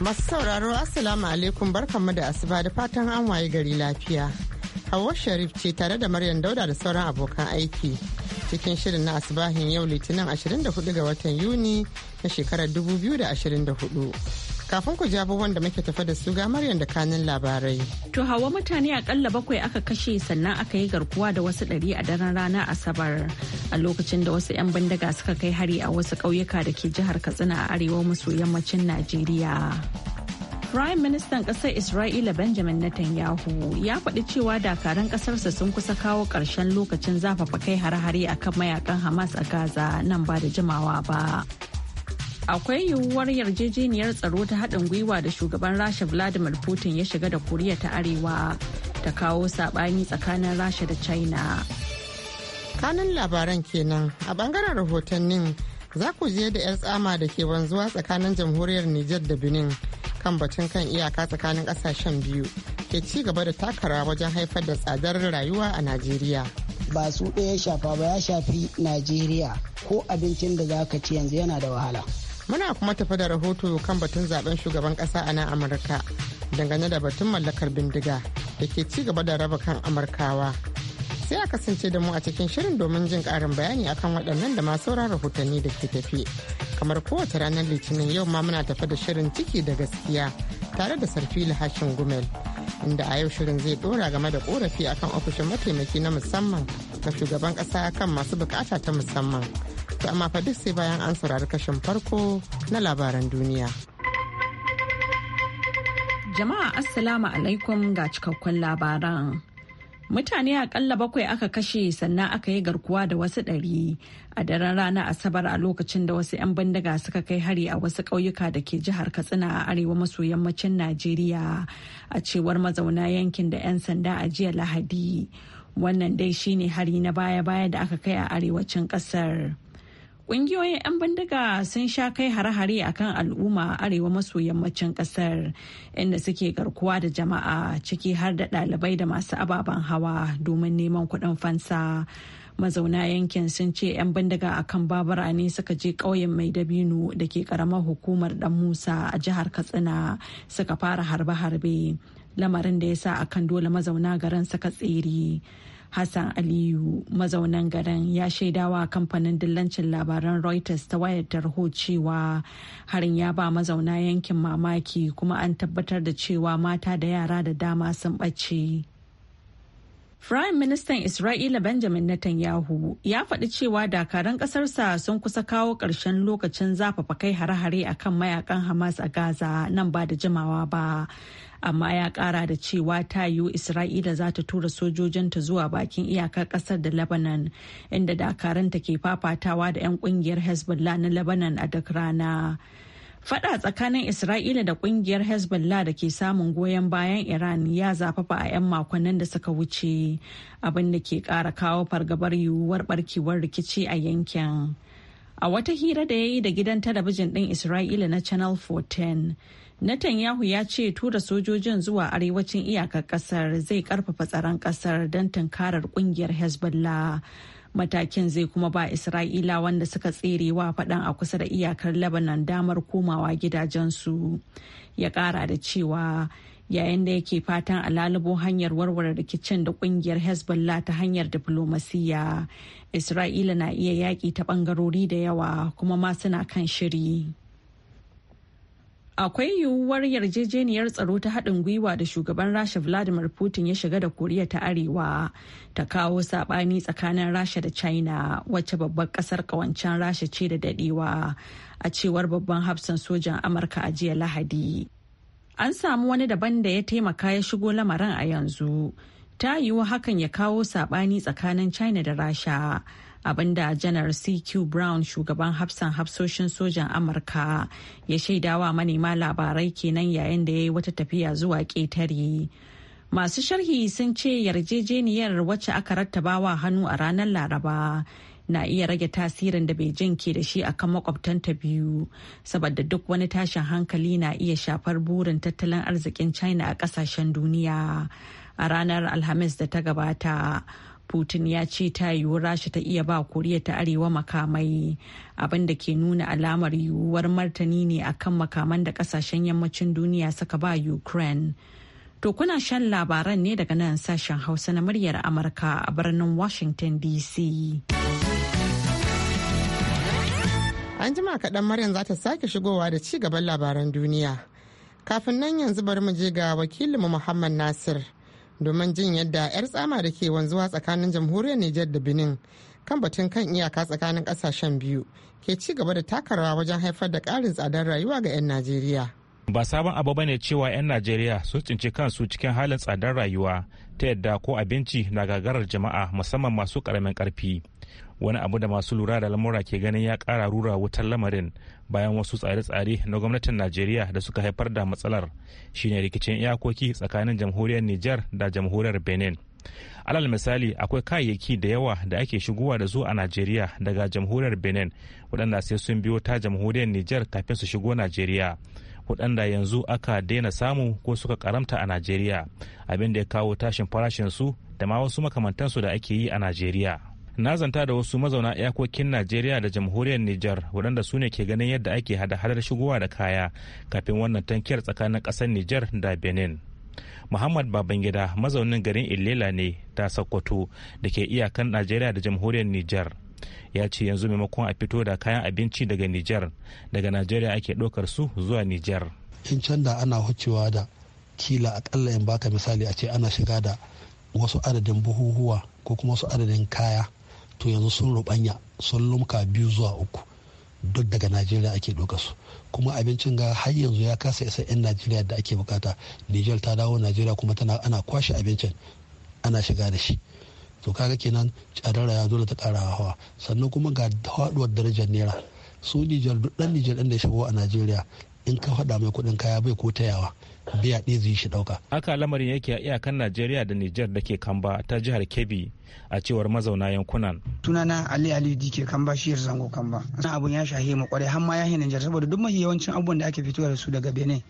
Masu sauraro Assalamu alaikum barkanmu da asuba da fatan an waye gari lafiya. Hawwa Sharif ce tare da Maryam Dauda da sauran abokan aiki. Cikin shirin na asubahin yau Litinin 24 ga watan Yuni na shekarar 2024. Kafin ku ji abubuwan da muke tafa da su ga Maryam da kanin labarai. To hawa mutane akalla bakwai aka kashe sannan aka yi garkuwa da wasu ɗari a daren ranar Asabar a lokacin da wasu 'yan bindiga suka kai hari a wasu ƙauyuka da ke jihar Katsina a arewa maso yammacin Najeriya. Prime Ministan ƙasar Isra'ila Benjamin Netanyahu ya faɗi cewa dakaran ƙasarsa sun kusa kawo ƙarshen lokacin zafafa kai hare-hare akan mayakan Hamas a Gaza nan ba da jimawa ba. akwai yiwuwar yarjejeniyar tsaro ta haɗin gwiwa da shugaban rasha vladimir putin ya shiga da koriya ta arewa ta kawo saɓani tsakanin rasha da china kanin labaran kenan a bangaren rahotannin za ku je da 'yar tsama da ke wanzuwa tsakanin jamhuriyar nijar da benin kan batun kan iyaka tsakanin ƙasashen biyu ke ci gaba da takara wajen haifar da tsadar rayuwa a najeriya ba su ɗaya shafa ba ya shafi najeriya ko abincin da za ka ci yanzu yana da wahala muna kuma tafi da rahoto kan batun zaben shugaban kasa a nan amurka dangane da batun mallakar bindiga da ke ci gaba da raba kan amurkawa sai a kasance da mu a cikin shirin domin jin karin bayani akan waɗannan da masu sauran rahotanni da ke tafi kamar kowace ranar litinin yau ma muna tafi da shirin ciki da gaskiya tare da sarfi hashin gumel inda a yau shirin zai dora game da korafi akan ofishin mataimaki na musamman ga shugaban kasa kan masu bukata ta musamman Ta amma fa duk sai bayan an saurari kashin farko na labaran duniya. Jama'a Assalamu alaikum ga cikakkun labaran. Mutane akalla bakwai aka kashe sannan aka yi garkuwa da wasu ɗari a daren ranar Asabar a lokacin da wasu 'yan bindiga suka kai hari a wasu ƙauyuka da ke jihar Katsina a arewa maso yammacin Najeriya a cewar mazauna yankin da 'yan sanda a jiya Lahadi. Wannan dai shine hari na baya-baya da aka kai a arewacin ƙasar. Ƙungiyoyin 'yan bindiga sun sha kai hare-hare a kan al'umma a arewa maso yammacin ƙasar inda suke garkuwa da jama'a ciki har da ɗalibai da masu ababen hawa domin neman kuɗin fansa. Mazauna yankin sun ce 'yan bindiga a kan babura ne suka je ƙauyen mai dabino da ke ƙaramar hukumar dan Musa a jihar Katsina suka fara harbe-harbe lamarin da ya sa akan dole mazauna garin suka tsere. Hassan Aliyu mazaunan garin ya shaidawa kamfanin dillancin labaran Reuters ta wayar tarho cewa harin ya ba mazauna yankin mamaki kuma an tabbatar da cewa mata da yara da dama sun ɓace. Firayim Ministan Isra'ila Benjamin Netanyahu ya faɗi cewa dakaran ƙasarsa sun kusa kawo ƙarshen lokacin zafafa kai hare-hare akan mayakan Hamas a Gaza nan ba da jimawa ba. amma ya kara da cewa ta yiwu isra'ila za ta tura sojojinta zuwa bakin iyakar kasar da lebanon inda dakaranta ke fafatawa da 'yan kungiyar hezbollah na lebanon a duk rana Fada tsakanin Isra'ila da kungiyar Hezbollah da ke samun goyon bayan Iran ya zafafa a 'yan makonnin da suka wuce abin da ke kara kawo fargabar yiwuwar barkewar rikici a yankin. A wata hira da ya yi da gidan talabijin din Isra'ila na Channel 14. Netanyahu ya ce tura sojojin zuwa arewacin iyakar kasar zai karfafa tsaron kasar don tunkarar kungiyar Hezbollah. Matakin zai kuma ba Isra'ila wanda suka tsere wa faɗan a kusa da iyakar Lebanon damar komawa gidajensu. Ya ƙara da cewa yayin da yake fatan a lalubo hanyar warware rikicin da kungiyar Hezbollah ta hanyar diflomasiyya. Isra'ila na iya yaƙi ta ɓangarori da yawa kuma ma suna kan shiri. akwai yiwuwar yarjejeniyar tsaro ta haɗin gwiwa da shugaban rasha vladimir putin ya shiga da koriya ta arewa ta kawo saɓani tsakanin rasha da china wacce babbar ƙasar ƙawancen rasha ce da daɗewa a cewar babban hafsan sojan amurka a jiya lahadi an samu wani daban da ya taimaka ya shigo lamarin a yanzu ta yiwu hakan ya kawo sabani tsakanin china da rasha abinda janar cq brown shugaban hafsan hafsoshin sojan amurka ya shaidawa manema labarai kenan yayin da ya yi wata tafiya zuwa ƙetare masu sharhi sun ce yarjejeniyar wacce aka rattabawa hannu a ranar laraba na iya rage tasirin da beijing ke da shi akan makwabtanta biyu saboda duk wani tashin hankali na iya shafar burin tattalin arzikin china a kasashen duniya a ranar alhamis da ta gabata putin ya ce ta yiwu rasha ta iya ba koriya ta arewa makamai abin da ke nuna alamar yiwuwar martani ne akan makaman da kasashen yammacin duniya suka ba ukraine to kuna shan labaran ne daga nan sashen hausa na muryar amurka a birnin washington dc an jima kaɗan maryam za ta sake shigowa da ci gaban labaran duniya kafin nan yanzu bari mu je ga wakilinmu muhammad nasir domin jin yadda 'yar tsama da ke wanzuwa tsakanin jamhuriyar Nijar da Benin kan batun kan iyaka tsakanin kasashen biyu ke ci gaba da takarawa wajen haifar da ƙarin tsadar rayuwa ga 'yan Najeriya. Ba sabon abu bane cewa 'yan Najeriya sun tsinci kansu cikin halin tsadar rayuwa ta yadda ko abinci na gagarar jama'a musamman masu ƙaramin ƙarfi. wani abu da masu lura da lamura ke ganin ya kara rura wutar lamarin bayan wasu tsare-tsare na gwamnatin najeriya da suka haifar da matsalar shine rikicin iyakoki tsakanin jamhuriyar niger da jamhuriyar benin alal misali akwai kayayyaki da yawa da ake shigowa da su a najeriya daga jamhuriyar benin waɗanda sai sun biyo ta jamhuriyar niger kafin su shigo najeriya waɗanda yanzu aka daina samu ko suka karamta a najeriya abin da ya kawo tashin farashin su da ma wasu makamantansu da ake yi a najeriya na zanta da wasu mazauna iyakokin najeriya da jamhuriyar niger waɗanda su ne ke ganin yadda ake hada-hadar shigowa da kaya kafin wannan tankiyar tsakanin ƙasar niger da benin muhammad babangida mazaunin garin ilela ne ta sokoto da ke iyakan najeriya da jamhuriyar niger ya ce yanzu maimakon a fito da kayan abinci daga niger daga najeriya ake ɗaukar su zuwa niger in can da ana hucewa da kila akalla in baka misali a ce ana shiga da wasu adadin buhuhuwa ko kuma wasu adadin kaya to yanzu sun rubanya sun lumka biyu zuwa uku duk daga najeriya ake doka su kuma abincin ga har yanzu ya kasa isa 'yan najeriya da ake bukata niger ta dawo najeriya kuma tana ana kwashe abincin ana shiga da shi to kaga kenan tsadar ya dole ta kara hawa sannan kuma ga haduwar darajar naira su niger duk dan niger ɗin da ya shigo a najeriya in ka faɗa mai kuɗin kaya bai ko tayawa biya ɗaya zai shi ɗauka. Haka lamarin yake a iyakan Najeriya da Nijar da ke Kamba ta jihar Kebbi a cewar mazauna yankunan. Tunana Ali Ali di ke Kamba shi zango Kamba. Wannan abun ya shahe mu kwarai har ma ya hina Nijar saboda duk mafi yawancin abubuwan da ake fitowa da su daga Benin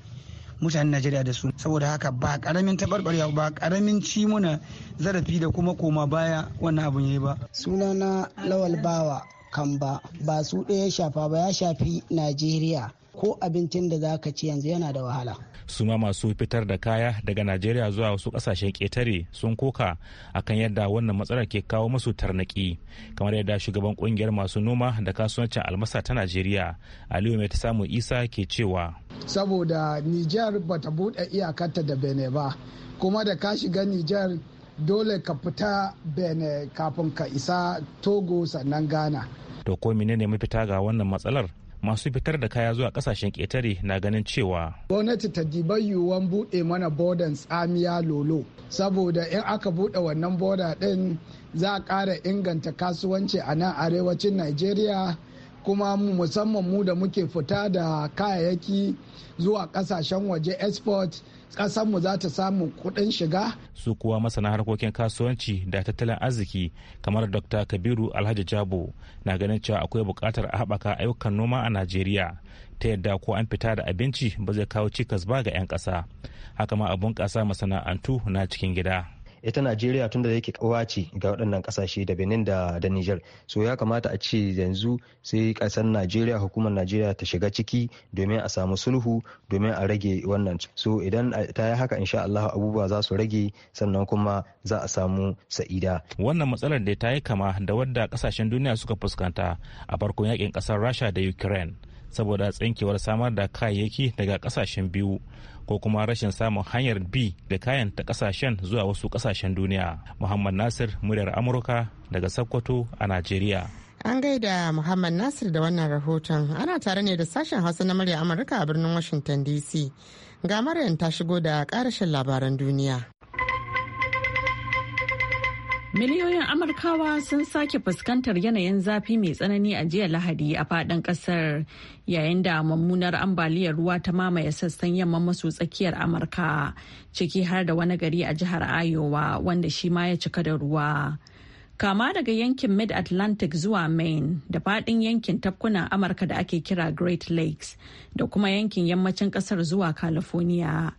mutanen Najeriya da su saboda haka ba karamin tabarbarewa ba karamin ci muna zarafi da kuma koma baya wannan abun yayi ba. Sunana Lawal Bawa Kamba ba su ɗaya shafa ba ya shafi Najeriya. ko abincin da za ka ci yanzu yana da wahala suma masu fitar da kaya daga najeriya zuwa wasu kasashen ƙetare sun koka akan yadda wannan matsalar ke kawo masu tarnaki kamar yadda shugaban kungiyar masu noma da kasuwancin almasa ta najeriya aliyu mai ta samu isa ke cewa saboda nijar ta buɗe iyakarta da bene ba kuma da ka shiga nijar dole ka fita bene kafin ka isa togo sannan ghana to ko menene mafita ga wannan matsalar masu fitar da kaya zuwa kasashen ƙetare na ganin cewa gwamnati ta diba yiwuwan buɗe mana bodan tsamiya lolo saboda in aka buɗe wannan boda ɗin za a ƙara inganta kasuwanci a nan arewacin najeriya kuma musamman mu da muke fita da kayayyaki zuwa ƙasashen waje export mu za ta samu kuɗin shiga. Su kuwa masana harkokin kasuwanci da tattalin arziki kamar Dr. Kabiru Alhaji Jabo na ganin cewa akwai buƙatar a haɓaka ayyukan noma a Najeriya ta yadda ko an fita da abinci ba zai kawo cikas ba ga 'yan ƙasa. Haka ma a bunƙasa masana'antu na cikin gida. ita najeriya tunda yake kawa ce ga waɗannan ƙasashe da benin da da niger so ya kamata a ce yanzu sai ƙasar najeriya hukumar najeriya ta shiga ciki domin a samu sulhu domin a rage wannan so idan ta yi haka insha allah abubuwa za su rage sannan kuma za a samu sa'ida wannan matsalar da ta yi kama da wadda ƙasashen duniya suka fuskanta a farkon yakin ƙasar rasha da ukraine saboda tsinkewar samar da kayayyaki daga kasashen biyu ko kuma rashin samun hanyar bi da kayan ta kasashen zuwa wasu kasashen duniya muhammad nasir muryar amurka daga sokoto a najeriya an gaida muhammad nasir da wannan rahoton ana tare ne da sashen hausa na murya amurka a birnin washington dc ga maryam ta shigo da karashin labaran duniya Miliyoyin Amurkawa sun sake fuskantar yanayin zafi mai tsanani a jiya Lahadi a faɗin ƙasar yayin da mummunar ambaliyar ruwa ta mamaye sassan yamma maso tsakiyar Amurka ciki har da wani gari a jihar iowa wanda shi ma ya cika da ruwa. Kama daga yankin Mid-Atlantic zuwa Maine da faɗin yankin tafkunan Amurka da ake kira Great Lakes da kuma yankin yammacin ƙasar zuwa California.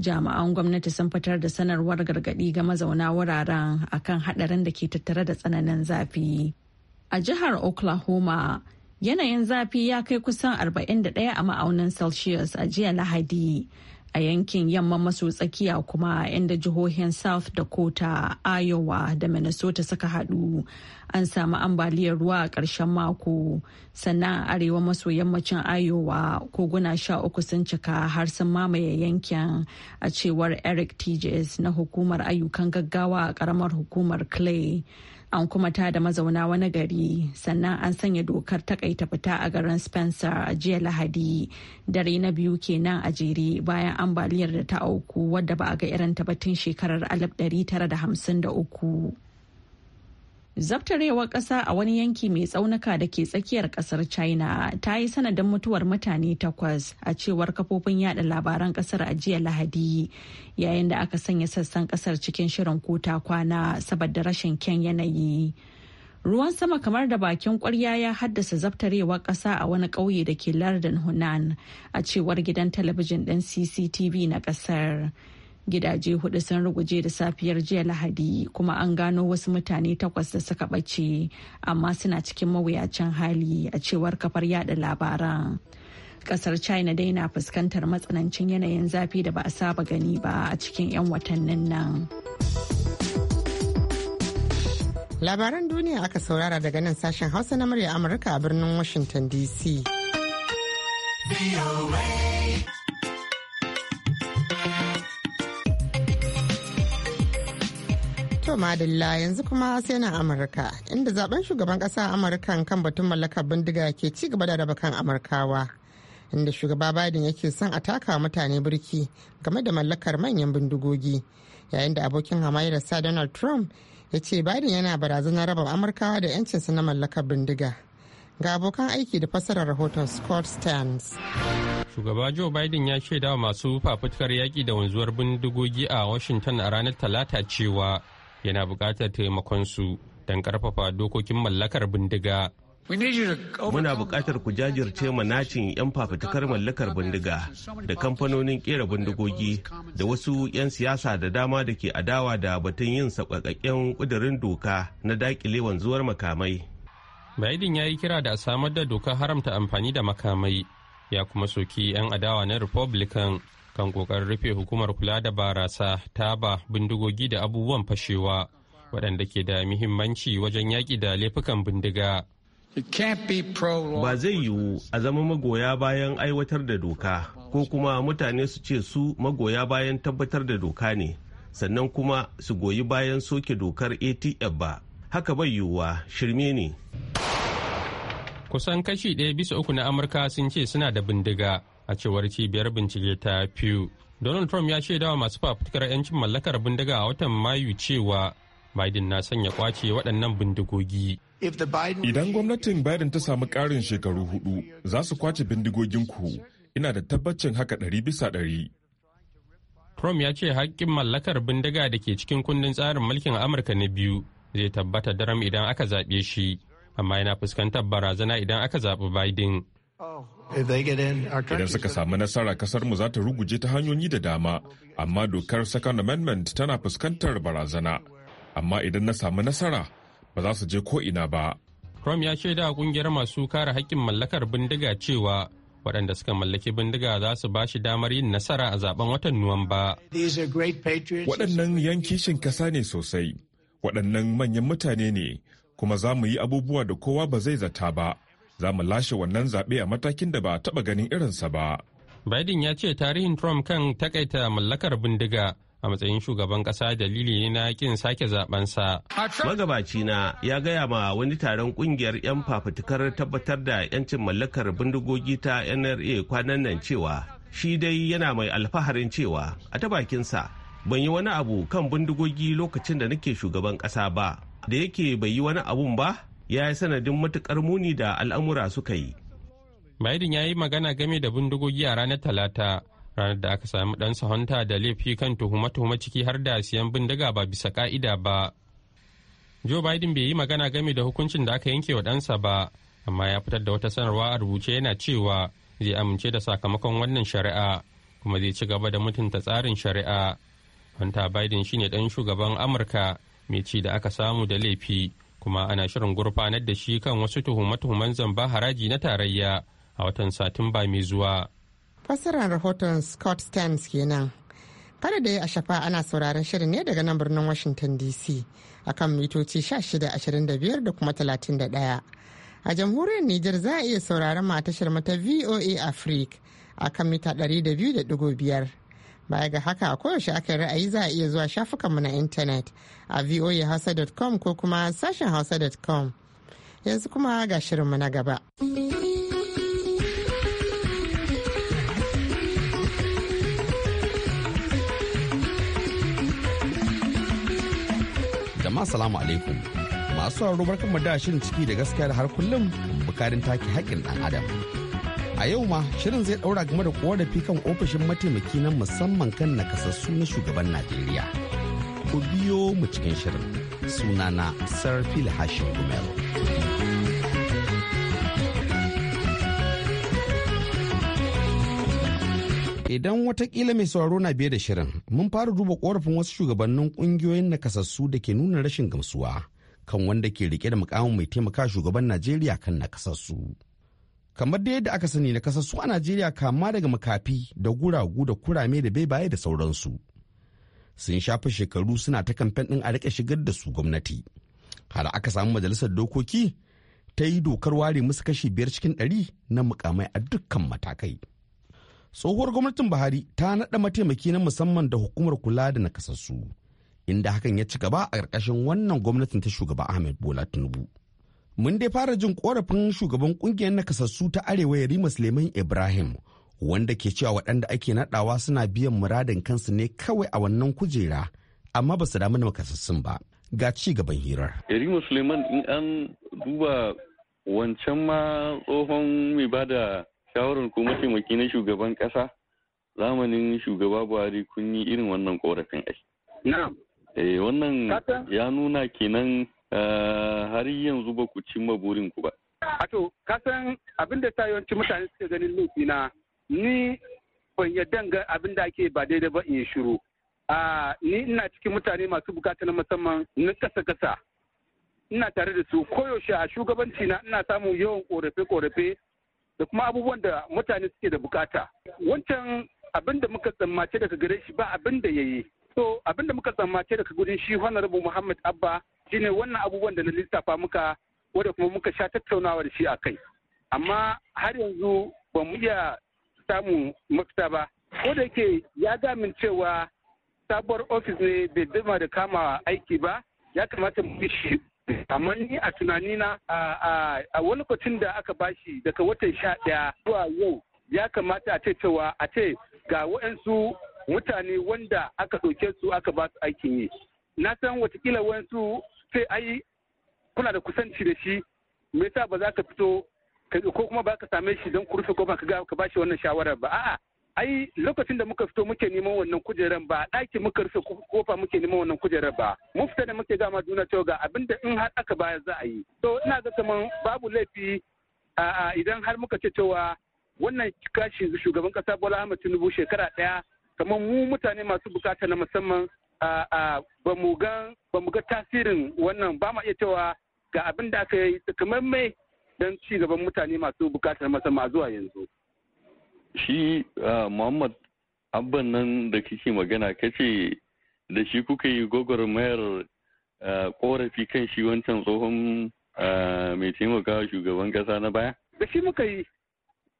jami'an gwamnati sun fitar da sanarwar gargaɗi ga mazauna wuraren akan haɗarin da ke tattare da tsananin zafi a jihar oklahoma yanayin zafi ya kai kusan 41 a ma'aunin celsius a jiya lahadi a yankin yamma maso tsakiya kuma inda jihohin south dakota iowa da minnesota suka hadu an samu ambaliyar ruwa a ƙarshen mako sannan arewa maso yammacin iowa koguna sha uku sun cika har sun mamaye yankin a cewar eric tjs na hukumar ayyukan gaggawa a ƙaramar hukumar clay an kuma ta da mazauna wani gari sannan an sanya dokar takaita fita a garin spencer a jiya lahadi dare na biyu kenan a jere bayan ambaliyar da ta auku wadda ba a ga irin ta ba tun shekarar 1953 Zabtarewar ƙasa a wani yanki mai tsaunuka da ke tsakiyar ƙasar China ta yi sanadin mutuwar mutane takwas a cewar kafofin yada labaran ƙasar a jiya Lahadi yayin da aka sanya sassan ƙasar cikin shirin kota kwana saboda rashin kyan yanayi. Ruwan sama kamar da bakin ƙwarya ya haddasa zabtarewar ƙasa a wani ƙauye da ke lardin Hunan a cewar gidan talabijin ɗin CCTV na ƙasar. Gidaje hudu sun ruguje da safiyar jiya Lahadi kuma an gano wasu mutane takwas da suka ɓace amma suna cikin mawuyacin hali a cewar kafar yada labaran. Kasar China dai na fuskantar matsanancin yanayin zafi da ba a saba gani ba a cikin 'yan watannin nan. Labaran duniya aka saurara daga nan sashen Hausa na murya Amurka a birnin Washington DC. To madalla yanzu kuma sai na Amurka inda zaben shugaban kasa amurka kan batun mallakar bindiga ke ci gaba da raba kan Amurkawa. Inda shugaba Biden yake son a taka mutane birki game da mallakar manyan bindigogi. Yayin da abokin sa Donald Trump ya ce Biden yana barazanar raba Amurkawa da 'yancinsu na mallakar bindiga. Ga abokan aiki da fassarar rahoton Scott Stearns. shugaba joe biden ya shaida wa masu fafutukar yaƙi da wanzuwar bindigogi a washington a ranar talata cewa yana buƙatar su don ƙarfafa dokokin mallakar bindiga. Muna buƙatar ku jajirce manacin 'yan fafutukar mallakar bindiga da kamfanonin ƙera bindigogi da wasu 'yan siyasa da dama da ke adawa da batun yin saƙaƙƙen ƙudurin doka na daƙile wanzuwar makamai. Biden ya yi kira da a samar da dokar haramta amfani da makamai ya kuma soki 'yan adawa na Republican kan kokarin rufe hukumar kula da barasa taba bindigogi da abubuwan fashewa waɗanda ke da muhimmanci wajen yaƙi da laifukan bindiga ba zai yiwu a zama magoya bayan aiwatar da doka ko kuma mutane su ce su magoya bayan tabbatar da doka ne sannan kuma su goyi bayan soke dokar atf ba haka bai yiwuwa shirme ne kusan kashi ɗaya bisa uku na amurka sun ce suna da bindiga a cewar cibiyar bincike ta pew donald trump ya dawa masu fafutukar 'yancin mallakar bindiga a watan mayu cewa biden na sanya kwace waɗannan bindigogi idan gwamnatin biden ta samu ƙarin shekaru hudu za su kwace bindigoginku ina da tabbacin haka ɗari bisa ɗari trump ya ce haƙƙin mallakar bindiga da ke cikin kundin tsarin mulkin amurka na biyu zai tabbata daram idan aka zaɓe shi amma yana fuskantar barazana idan aka zaɓi biden Idan suka samu nasara kasarmu za ta ruguje ta hanyoyi da dama, amma dokar Second Amendment tana fuskantar barazana. Amma idan na samu nasara, ba za su je ko'ina ba. Trump ya shaida kungiyar masu kare haƙƙin mallakar bindiga cewa waɗanda suka mallaki bindiga za su ba shi damar yin nasara a zaben watan Nuwamba. Waɗannan kishin kasa ne sosai, waɗannan manyan mutane ne, kuma za mu yi abubuwa da kowa ba zai zata ba. za mu lashe wannan zaɓe a matakin da ba a taɓa ganin irinsa ba. Biden ya ce tarihin Trump kan takaita mallakar bindiga a matsayin shugaban ƙasa dalili ne na kin sake zaɓensa. Magabaci na ya gaya ma wani taron ƙungiyar 'yan fafutukar tabbatar da 'yancin mallakar bindigogi ta NRA kwanan nan cewa shi dai yana mai alfaharin cewa a ta bakinsa ban yi wani abu kan bindigogi lokacin da nake shugaban ƙasa ba da yake bai yi wani abun ba ya yi sanadin matukar muni da al'amura suka yi. Biden ya yi magana game da bindigogi a ranar Talata, ranar da aka sami ɗansa Hunter da laifi kan tuhuma-tuhuma ciki har da siyan bindiga ba bisa ka'ida ba. Joe Biden bai yi magana game da hukuncin da aka yanke wa ɗansa ba, amma ya fitar da wata sanarwa a rubuce yana cewa zai amince da sakamakon wannan shari'a kuma zai ci gaba da mutunta tsarin shari'a. Hunter Biden shine ɗan shugaban Amurka mai ci da aka samu da laifi. kuma ana shirin gurfanar da shi kan wasu tuhume-tuhumen zamba haraji na tarayya a watan satumba mai zuwa. Fasirar rahoton Scott Stearns kenan. Kada da ya a shafa ana sauraron shirin ne daga nan birnin Washington DC akan mitoci 1625 da kuma 31. A jamhuriyar Nijar za a iya sauraron matashar mata VOA Africa kan mita 200.5. Baya ga haka a koyaushe aka ra'ayi za a iya zuwa shafukanmu na intanet a voahausa.com ko kuma sashen hausa.com. Yanzu kuma ga shirinmu na gaba. Jama'a salamu alaikum. Masu sauraro barkan mu da shirin ciki da gaskiya da har kullum bukarin take haƙƙin ɗan adam. A yau ma shirin zai daura game da korafi kan ofishin mataimaki na musamman kan nakasassu na shugaban Najeriya. Ku biyo mu cikin shirin sunana Sarfil hashin gumero Idan watakila mai sauraro na biye da shirin, mun fara duba korafin wasu shugabannin kungiyoyin nakasassu da ke nuna rashin gamsuwa kan wanda ke rike da mukamin mai taimaka shugaban Najeriya kan nakasassu. kamar da yadda aka sani na kasassu a najeriya kama daga makafi da guragu da kurame da bai bebaye da sauransu sun shafa shekaru suna ta kamfen ɗin a riƙe shigar da su gwamnati har aka samu majalisar dokoki ta yi dokar ware musu kashi biyar cikin ɗari na mukamai a dukkan matakai tsohuwar gwamnatin buhari ta naɗa mataimaki na musamman da hukumar kula da nakasassu inda hakan ya ci gaba a ƙarƙashin wannan gwamnatin ta shugaba ahmed bola tinubu mun dai fara jin korafin shugaban kungiyar nakasassu ta arewa yarima suleiman ibrahim wanda ke cewa waɗanda ake naɗawa suna biyan muradin kansu ne kawai a wannan kujera amma ba su damu da nakasassun ba ga ci gaban hirar yarima suleiman in an duba wancan ma tsohon mai ba da shawarar ko mataimaki na shugaban ƙasa zamanin shugaba buhari kun yi irin wannan korafin ai eh, wannan ya nuna kenan Eh, har yanzu ba ku ci maburin ku ba. Ato, kasan abin da ta yawanci mutane suke ganin laifi na ni ban yadda ga abin da ake ba daidai ba in shiru. A ni ina cikin mutane masu bukata na musamman na kasa kasa. Ina tare da su koyaushe a shugabanci na ina samun yawan korafe-korafe da kuma abubuwan da mutane suke da bukata. Wancan abin da muka tsammace daga gare shi ba abin da ya yi. So abin da muka tsammace daga gudun shi Honorable Muhammad Abba shine wannan abubuwan da na lissafa muka wanda kuma muka sha tattaunawa da shi a kai amma har yanzu ba mu iya samun mafita ba ko da yake ya gamin cewa sabuwar ofis ne bai dama da kama aiki ba ya kamata mu bi shi amma ni a tunanina a wani lokacin da aka bashi daga watan sha ɗaya zuwa yau ya kamata a ce cewa a ce ga waɗansu mutane wanda aka ɗauke su aka ba su aikin yi na san watakila waɗansu Sai ai kuna da kusanci da shi me yasa ba za ka fito ko kuma ba ka same shi don ku rufe kofa ka ka ba wannan shawarar ba a'a ai lokacin da muka fito muke neman wannan kujerar ba a ɗaki muka rufe kofa muke neman wannan kujerar ba mun fita da muke gama juna cewa ga abinda in har aka baya za a yi to ina ga kaman babu laifi a idan har muka ce cewa wannan kashi shugaban kasa Bola ahmad Tinubu shekara ɗaya kamar mu mutane masu bukata na musamman ba mu ga tasirin wannan ba ma iya cewa ga abin da aka yi kamar mai don ci gaban mutane masu bukatar masama zuwa yanzu. Shi Muhammad abban nan da kike magana kace da shi kuka yi gwagwarmayar korafi kan shi wancan tsohon mai taimakawa shugaban kasa na baya? Da shi muka yi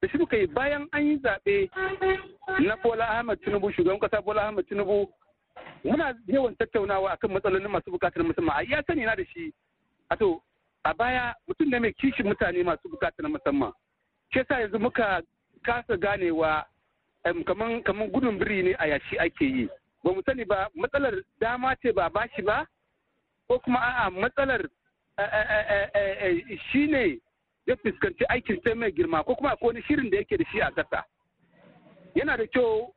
da shi muka yi bayan an yi zaɓe na Bola Ahmed Tinubu shugaban kasa Bola Ahmed Tinubu muna yawan tattaunawa akan matsalolin masu bukatar musamman a iya sani na da shi a to a baya mutum ne mai kishin mutane masu bukatar musamman ke sa yanzu muka kasa ganewa kaman kaman gudun biri ne a yashi ake yi ba mu sani ba matsalar dama ce ba bashi ba ko kuma a'a matsalar eh, eh, eh, shi ne ya fuskanci aikin sai mai girma ko kuma akwai wani shirin da yake da shi a ƙasa yana da kyau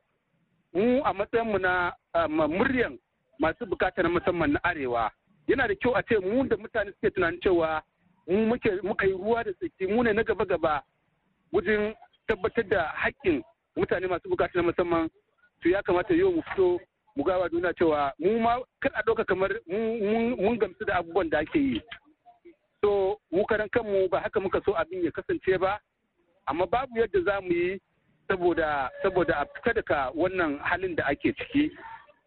mu a matsayin mu na ah, muryan masu bukata na musamman na arewa yana da kyau a ce mu da mutane suke tunanin cewa mu muka yi ruwa da tsaki mu ne na gaba gaba wajen tabbatar da haƙƙin mutane masu bukata na musamman to ya kamata yau mu fito mu gawa duna cewa mu ma kar a ɗauka kamar mun gamsu da abubuwan da ake yi to mu karan kanmu ba haka muka so abin ya kasance ba amma babu yadda za mu yi saboda saboda a fita daga wannan halin da ake ciki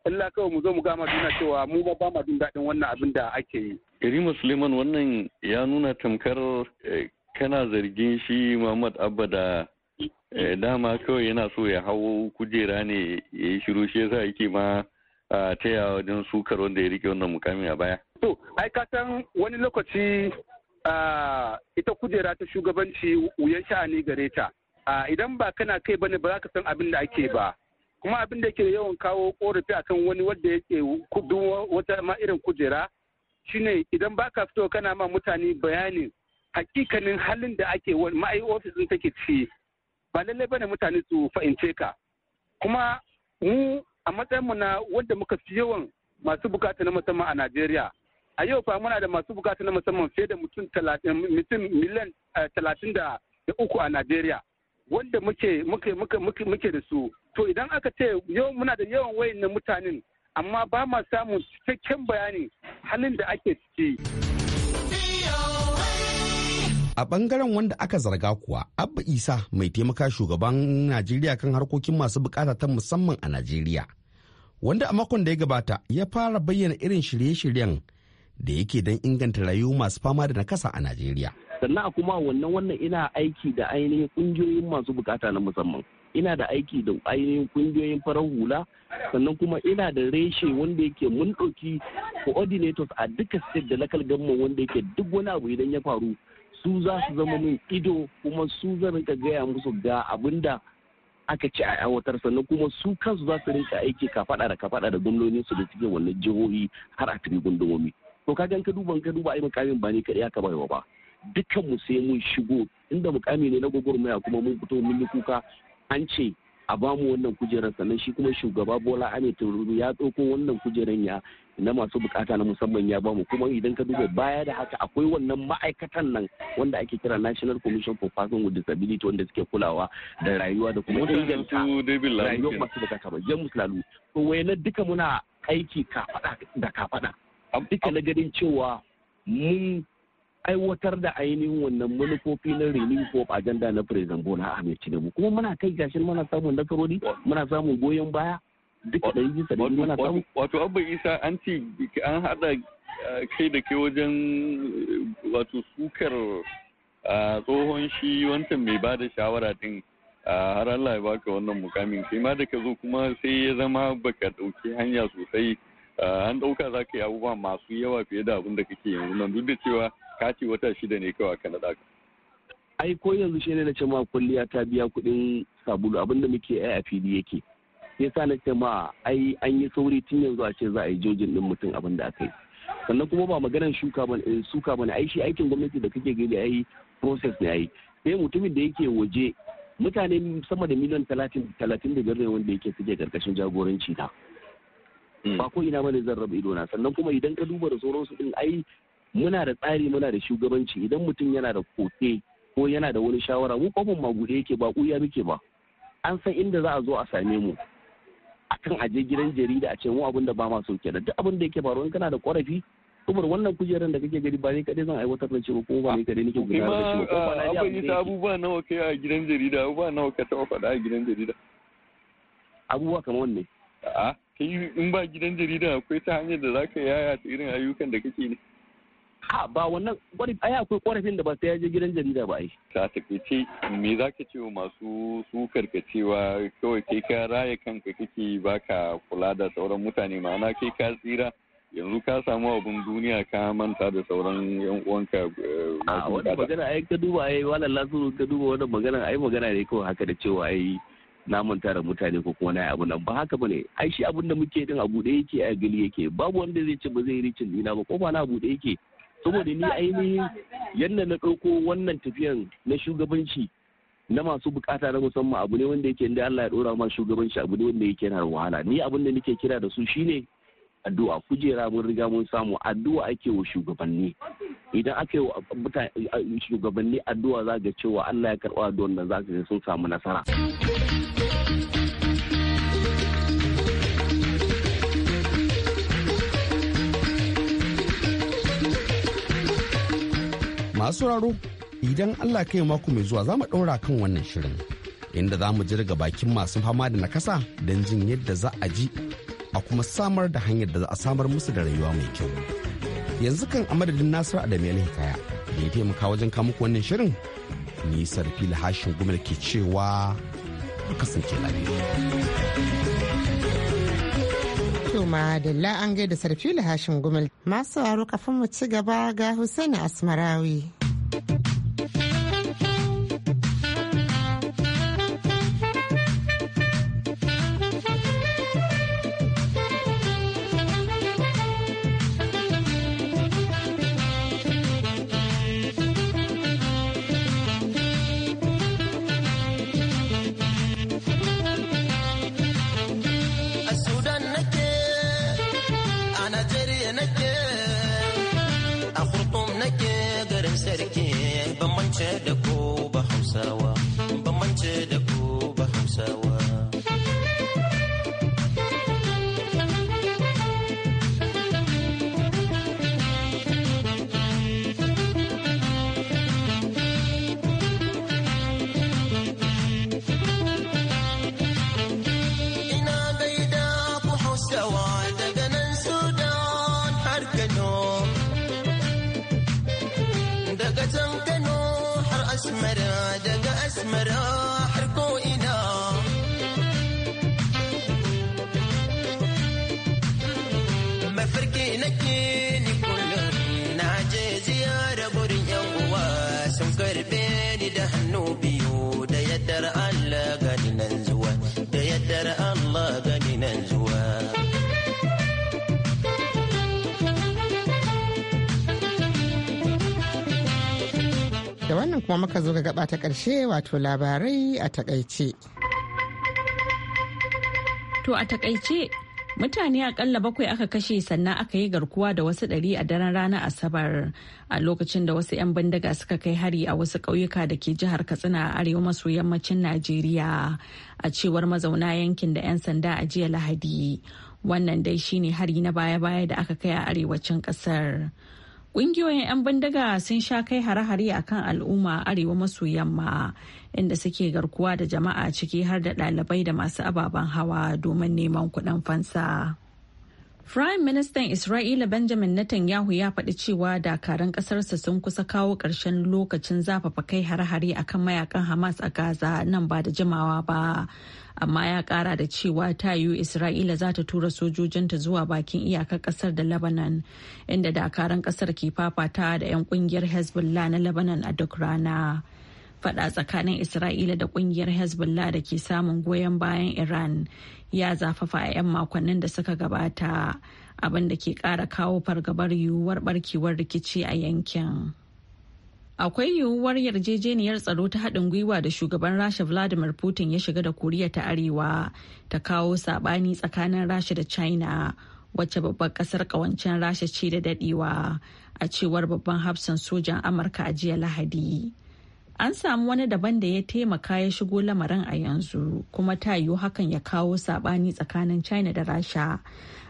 illa kawai mu zo mu gama duna cewa mu ba ba mu jin daɗin wannan abin da ake yi. iri Suleiman wannan ya nuna tamkar eh, kana zargin shi Muhammad Abba da eh, dama kawai yana so ya hau kujera ne ya yi shiru shi yasa yake ma a taya wajen sukar wanda ya rike wannan mukamin a baya. To, ai ka wani lokaci ita kujera ta shugabanci wuyan sha'ani gare ta. idan ba kana kai bane ba za ka san abin da ake ba kuma abin da ke yawan kawo korafi akan wani wanda yake kudin wata ma irin kujera shine idan ba ka fito kana ma mutane bayanin hakikanin halin da ake ma'ai ofis din take ci ba lallai bane mutane su fahimce ka kuma mu a matsayin mu na wanda muka fi yawan masu bukata na musamman a Najeriya a yau fa muna da masu bukata na musamman fiye da mutum mutum miliyan eh, talatin da uku a Najeriya wanda muke muke muke muke da su to idan aka ce yau muna da yawan wayannan mutanen amma ba ma samun cikakken bayani halin da ake ciki a bangaren wanda aka zarga kuwa abba isa mai taimaka shugaban najeriya kan harkokin masu bukata ta musamman a najeriya wanda a makon da ya gabata ya fara bayyana irin shirye-shiryen da yake don inganta rayuwa masu fama da nakasa a najeriya sannan kuma wannan wannan ina aiki da ainihin kungiyoyin masu bukata na musamman ina da aiki da ainihin kungiyoyin farar hula sannan kuma ina da reshe wanda yake mun ɗauki coordinators a duka state da local government wanda yake duk wani abu idan ya faru su za su zama min ido kuma su zan rinka gaya musu ga abinda aka ci a yawatar sannan kuma su kansu za su rinka aiki kafaɗa da ka fada da gwamnonin su da suke wannan jihohi har a tafi gundumomi to kaga ka duba ka duba ai makamin ba ne kaɗai aka baiwa ba dukkan mu sai mun shigo inda mukami ne na gwagwarmaya kuma mun fito mun yi kuka an ce a bamu wannan kujerar sannan shi kuma shugaba bola ame tururu ya tsoko wannan kujerar ya na masu bukata na musamman ya bamu kuma idan ka duba baya da haka akwai wannan ma'aikatan nan wanda ake kira national commission for persons with disability wanda suke kulawa da rayuwa da kuma inganta masu bukata ba jamus lalu to duka muna aiki kafada da kafada duka na ganin cewa mun aiwatar da ainihin wannan manufofi na renewing hope agenda na president bola ahmed tinubu kuma muna kai gashin muna samun nasarori muna samun goyon baya duka da yi sadari muna samu wato abba isa an ce an hada eh, kai da kai wajen eh, wato sukar eh, tsohon shi wancan mai bada shawara din har Allah ya baka wannan mukamin sai ma da ka zo kuma sai ya zama baka dauki hanya sosai an dauka za ka yi abubuwa masu yawa fiye da abin da kake yanzu nan duk da cewa kaci wata shida ne kawai aka naɗa ka ai ko yanzu shi ne na ce ma kwalliya ta biya kuɗin sabulu abinda muke ai a fili yake sa na ce ma ai an yi sauri tun yanzu a ce za a yi jojin din mutum abin da aka yi sannan kuma ba maganar shuka ba eh, suka ba ai shi aikin gwamnati da kake gani ai process ne ai sai mutumin da yake waje mutane sama da miliyan talatin talatin da ne wanda yake suke karkashin jagoranci ta hmm. ba ko ina ne zan raba idona sannan kuma idan ka duba da sauransu ɗin ai muna da tsari muna da shugabanci idan mutum yana da koke ko yana da wani shawara mu kofin magude yake ba kuya muke ba an san inda za a zo a same mu akan aje gidan jarida a ce mu abin da ba ma so kenan duk abin da yake faruwa in kana da korafi kuma wannan kujerar da kake gani ba ne kadai zan aiwatar da shi ko ba ne kadai nake gudanar da shi ko ba na ah, abin ta abubuwa nawa kai a gidan jarida abubuwa nawa ka taba faɗa a gidan jarida abubuwa kamar wanne a'a ah, kai in ba gidan jarida akwai ta hanyar da zaka yaya ta irin ayyukan da kake ne ha ba wannan a ai akwai korafin da ba sai ya je gidan jarida ba ai ka takaice me zaka ce masu sukar ka cewa kawai kai ka raya kanka kake baka kula da sauran mutane ma'ana kai ka tsira yanzu ka samu abin duniya ka manta da sauran yan uwanka eh, a wannan magana ai ka duba ai wallan lasu ka duba wannan magana ai magana ne kawai haka da cewa ai na manta da mutane ko kuma na abu nan ba haka bane ai shi abin da muke din a bude yake a gali yake babu wanda zai ce ba zai ricin dina ba ko ba na bude yake saboda ni ainihin yadda na ɗauko wannan tafiyan na shugabanci na masu bukata na musamman abu ne wanda yake inda Allah ya dora ma shugabanci abu ne wanda yake yana wahala ni abin da nake kira da su shine addu'a kujera mun riga mun samu addu'a ake wa shugabanni idan ake wa shugabanni addu'a za ga cewa Allah ya karɓa da wannan za ka sun samu nasara masu raro idan allah kai mako mai zuwa za mu ɗaura kan wannan shirin inda za mu jirga bakin masu fama da nakasa don jin yadda za a ji a kuma samar da hanyar da za a samar musu da rayuwa mai kyau yanzu kan a madadin nasiru adamu hikaya da ya taimaka wajen kamuku wannan shirin ni sarfil hashin gumel ke cewa kasance lafiya To ma dalla an gaida da hashin Gumal. masu sauraro kafin mu ci gaba ga Hussaini Asmarawi. zuwa. Da wannan kuma muka zo ga gaba ta karshe wato labarai a takaice. To a takaice Mutane akalla bakwai aka kashe sannan aka yi garkuwa da wasu ɗari a daren ranar Asabar a lokacin da wasu 'yan bindiga suka kai hari a wasu ƙauyuka da ke jihar Katsina a arewa maso yammacin Najeriya a cewar mazauna yankin da 'yan sanda a jiya Lahadi. Wannan dai shine hari na baya-baya da aka kai a arewacin ƙasar. Ƙungiyoyin 'yan bindiga sun sha kai hare-hare a kan al'umma arewa maso yamma inda suke garkuwa da jama'a ciki har da ɗalibai da masu ababen hawa domin neman kuɗin fansa. Prime Minister Isra'ila Benjamin Netanyahu ya faɗi cewa dakaran ƙasarsa sun kusa kawo ƙarshen lokacin zafafa kai hare-hare kan mayakan Hamas a Gaza nan ba da jimawa ba. Amma ya ƙara da cewa ta yiwu Isra'ila za ta tura sojojinta zuwa bakin iyakar ƙasar da Lebanon, inda dakaran ƙasar ke fafata da 'yan ƙungiyar Hezbollah na Lebanon a duk rana. faɗa tsakanin Isra'ila da ƙungiyar Hezbollah da ke samun goyon bayan Iran ya zafafa a 'yan makonnin da suka gabata abin da ke kara kawo fargabar yiwuwar barkewar rikici a yankin. Akwai yiwuwar yarjejeniyar tsaro ta haɗin gwiwa da shugaban Rasha Vladimir Putin ya shiga da Koriya ta Arewa ta kawo saɓani tsakanin Rasha da China wacce babbar ƙasar ƙawancen Rasha ce da daɗewa a cewar babban hafsan sojan Amurka a jiya Lahadi. an samu wani daban da ya taimaka ya shigo lamarin a yanzu kuma ta yiwu hakan ya kawo sabani tsakanin china da rasha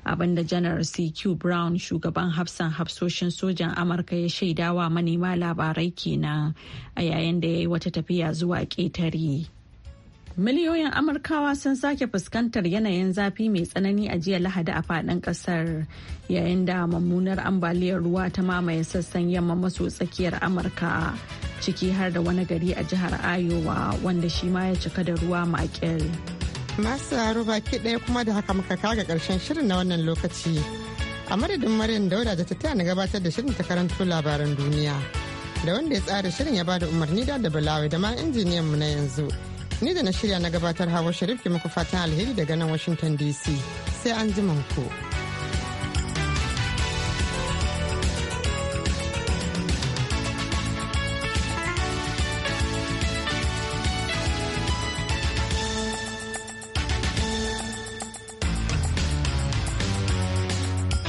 abinda janar cq brown shugaban hafsan hafsoshin sojan amurka ya shaidawa manema labarai kenan a yayin da ya yi wata tafiya zuwa ƙetare. Miliyoyin Amurkawa sun sake fuskantar yanayin zafi mai tsanani a jiya Lahadi a faɗin ƙasar yayin da mummunar ambaliyar ruwa ta mamaye sassan yamma maso tsakiyar Amurka ciki har da wani gari a jihar Ayowa wanda shi ma ya cika da ruwa makil. Masu aro baki ɗaya kuma da haka muka kaga ƙarshen shirin na wannan lokaci. A madadin Maryam Dauda da ta taya na gabatar da shirin ta karanto labaran duniya. Da wanda ya tsara shirin ya bada umarni da Balawai da ma injiniyan mu na yanzu. Ni da na shirya na gabatar hawa Sharif ke muku fatan alheri daga nan Washington DC. Sai an ji ku.